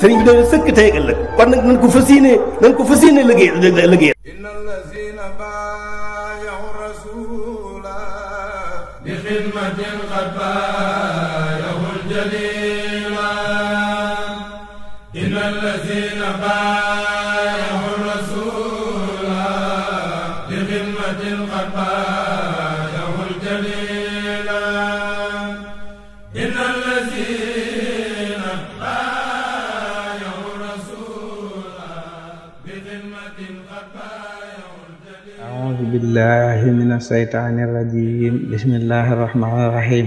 sëriñ bi daal sëkk tey ëllëg kon nag nañ ko fas yéene nañ ko fas yéene liggéey liggéey الذين باعوا billahi min alsheytaani irrajim bismillahi irrahmani irrahim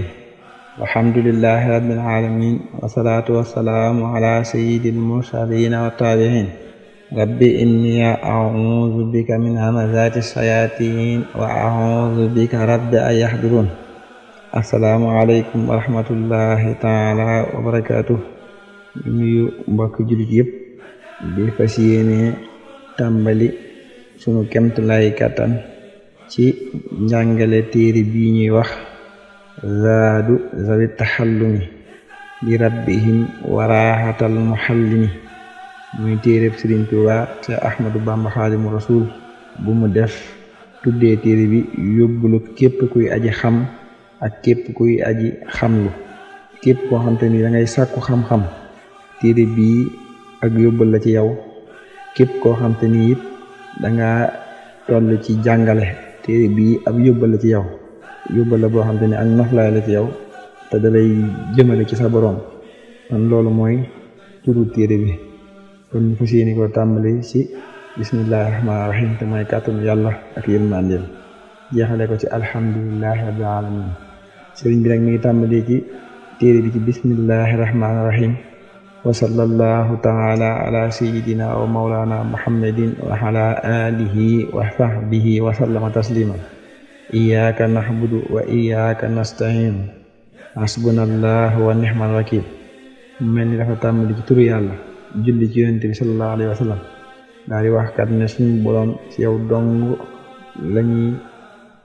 alhamdulilahi rabilalamin wasalatu wasalaamu ala sayidi almursalina wattabiin rabbi inni audu bika min hamazati shayatin wa audu bika rabbi an yahdurun assalaamu aleykum wa rahmatullahi taala wa barakatuh nuyu mbokk jullit yëpp di fas yéene tàmbali sunu kemt lay kattan ci njàngale téere bi ñuy wax zaadu zawi taxallumi di rabbihim waraaxatal muxallimi muy téereb Sëriñ Tuubaa te Ahmadu Bamba Xaadimu Rasuul bu mu def tuddee téere bi yóbbulu képp kuy aji xam ak képp kuy aji xamlu képp koo xam te ni dangay ngay sàkku xam-xam téere bi ak yóbbal la ci yow képp koo xam te ni it danga toll ci jàngale téere bii ab yóbbal la ci yow yóbbal boo xam te ni ak noflaay la ci yow te dalay jëmale ci sa boroom kon loolu mooy turu téere bi kon ñu fas ko tàmbali ci bismillahi rahmaani rahim te mooy kàttanu yàlla ak yërmandeem jeexale ko ci alhamdulilahi rabbil alamin sëriñ bi nag mi ngi tàmbali ci téere bi ci bismillahi rahmaani rahim wa sallallahu taala ala sayidina wa maulana muhammadin wa ala alihi wa sahbihi wa sallama wa iyyaka nasta'in hasbunallahu wa ni'mal wakil mel ni dafa tàmbali ci turu yàlla julli ci yonent bi sallallahu alayhi wa sallam wax kat ne suñu boroom ci yow dong lañuy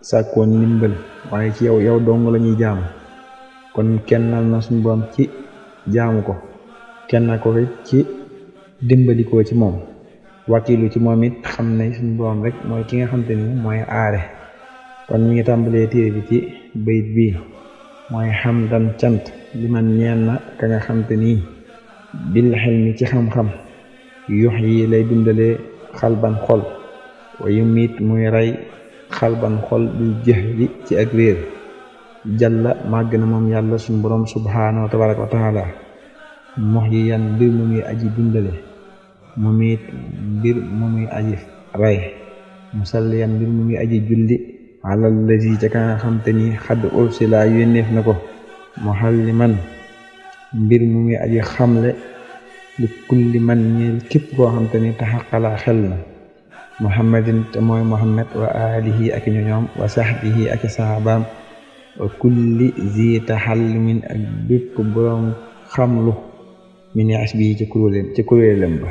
sàkkoon ndimbal waaye ci yow yow dong lañuy jaamu kon kennal na suñu boroom ci jaamu ko kenn ko ci dimbalikoo ci moom wakiilu ci moom it xam ne suñu borom rek mooy ki nga xamante ni mooy aare kon mi ngi tàmbalee téere bi ci bayit bii mooy xam dan cant li man ñeen na ka nga xamante nii bil xel mi ci xam-xam yux yi lay dundalee xalban xol wayu miit muy rey xalban xol bil jëx li ci ak réer jàlla màgg na moom yàlla suñu borom subhaanahu wa tabaraka wa taala muhyiyan mbir mu muy aji dundale mumiit mbir mu muy aji rey musalliyan mbir mu muy aji julli alal lazi ca ka nga xam te ni xadd ursila yónneef na ko man mbir mu muy aji xamle li kulli man ñeel képp ko xam te ni taxaqalaa xel na muhammadin te mooy muhammad wa alihi ak ñoñoom wa sahbihi ak sahabaam wa kulli zi taxallumin ak bépp boroom xamlu mi ne as bii ci kuréelam ci kuréelam ba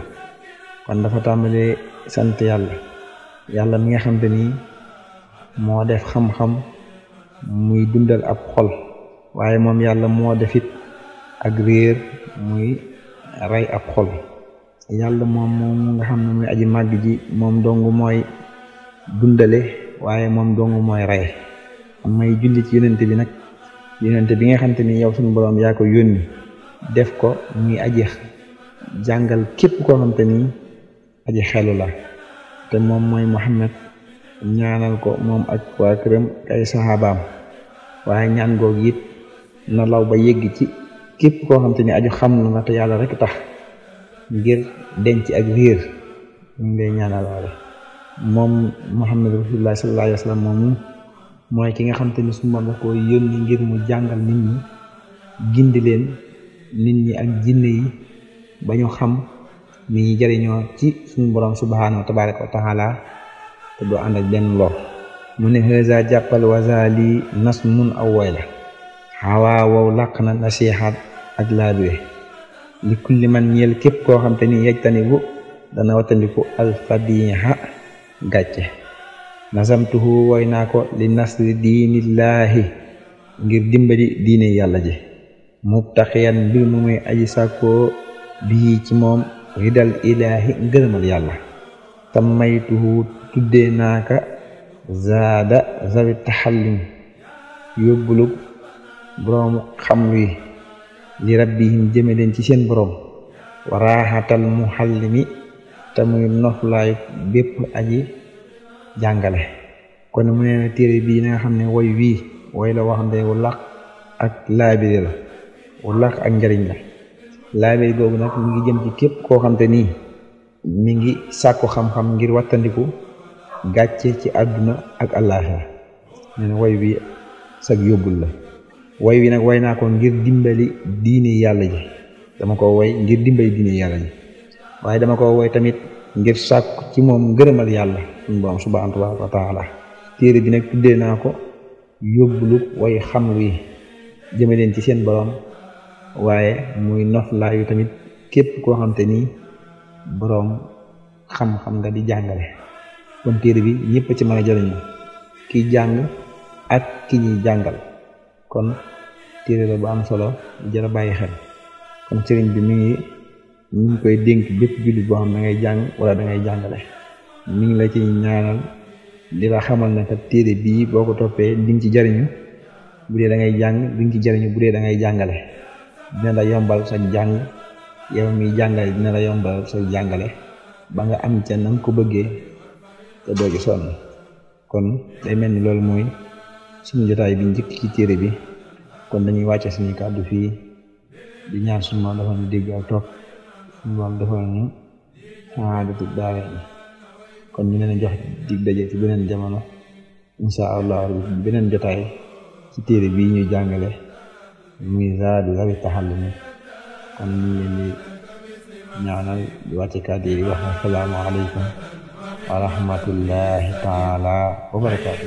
kon dafa tàmbalee sant yàlla yàlla mi nga xam te ni moo def xam-xam muy dundal ab xol waaye moom yàlla moo def it ak réer muy rey ab xol yàlla moom moom nga xam ne muy aji màgg ji moom dong mooy dundale waaye moom dong mooy rey may julli ci yonente bi nag yonente bi nga xam ni yow suñu boroom yaa ko yónni def ko muy aji jàngal képp koo xam te ni aji xelu la te moom mooy Muhammad ñaanal ko moom ak waa këram ay saxaabaam waaye ñaan googu it na law ba yëgg ci képp koo xam te ni aju xam na te yàlla rek tax ngir denc ak riir mu ngi lay ñaanal waale moom Muhammad rasulullah sallallahu moomu mooy ki nga xam te ni su ma ko yónni ngir mu jàngal nit ñi gindi leen nit ñi ak jinne yi ba xam ni ñuy jariñoo ci suñu borom subhaanahu wa tabaraka o taala te doo ànd benn lor mu ne hëza jàppal wazali nas mun aw woy la xawaa wow làq na nasihaat ak laabire li kulli man ñeel képp koo xam te ni yejtani bu dana wattandiku alfadiha gàcce nasamtuhu woy naa ko li nasri diinillaahi ngir dimbali diine yàlla ji mubtaxiyan mbir mu muy aji sàkkoo bi ci moom ridal ilaahi ngërëmal yàlla sammaytuhu tuddee naaka zaada zawi taxallim yóbbulu boroomu xam yi li rabbihim jëme leen ci seen boroom wa raaxatal muxallimi te muy noflaay bépp aji jàngale kon mu nee téere bii na xam ne woy wii woy la waxande wu ak laabire la wala ak njariñ la laabéy googu nag mu ngi jëm ci képp koo xam te nii mi ngi sàkku xam-xam ngir wattandiku gàcce ci àdduna ak àllaaxira nee na way wi sag yóbbul la woy wi nag woy naa ko ngir dimbali diine yàlla ji dama ko woy ngir dimbali diine yàlla ji waaye dama ko way tamit ngir sàkku ci moom ngërëmal yàlla suñu borom téere bi nag tuddee naa ko yóbbulu way xam wi jëme leen ci seen borom waaye muy noflaayu tamit képp koo xam nii boroom xam-xam nga di jàngale kon téere bi ñëpp ci mën a jëriñu kiy jàng ak ki ñuy jàngal kon téere la bu am solo jërë bàyyi xel kon sëriñ bi mu ngi mu ngi koy dénk bépp jullit boo xam da ngay jàng wala dangay jàngale mi ngi la ci ñaanal di la xamal ne kat téere bii boo ko toppee di ci jariñu bu dee da ngay jàng di nga ci jariñu bu dee da ngay jàngale dina la yombal sa jàng yow mi jàngale dina la yombal sa jàngale ba nga am ca nam ko bëggee te doo ci kon day mel ni loolu mooy suñu jotaay bi njëkk ci téere bi kon dañuy wàcce suñu kàddu fii di ñaan suñu moom dafa ñu dégg ak topp suñu moom dafa ñu xaadatu daare kon ñu jox dig daje ci beneen jamono insha allah beneen jotaay ci téere bi ñuy jàngale misaal yi rabi taxallumi kon ñu leen di ñaanal di wàcce kàddu yi di wax assalaamu aleykum wa rahmatullahi taala wa barakaatu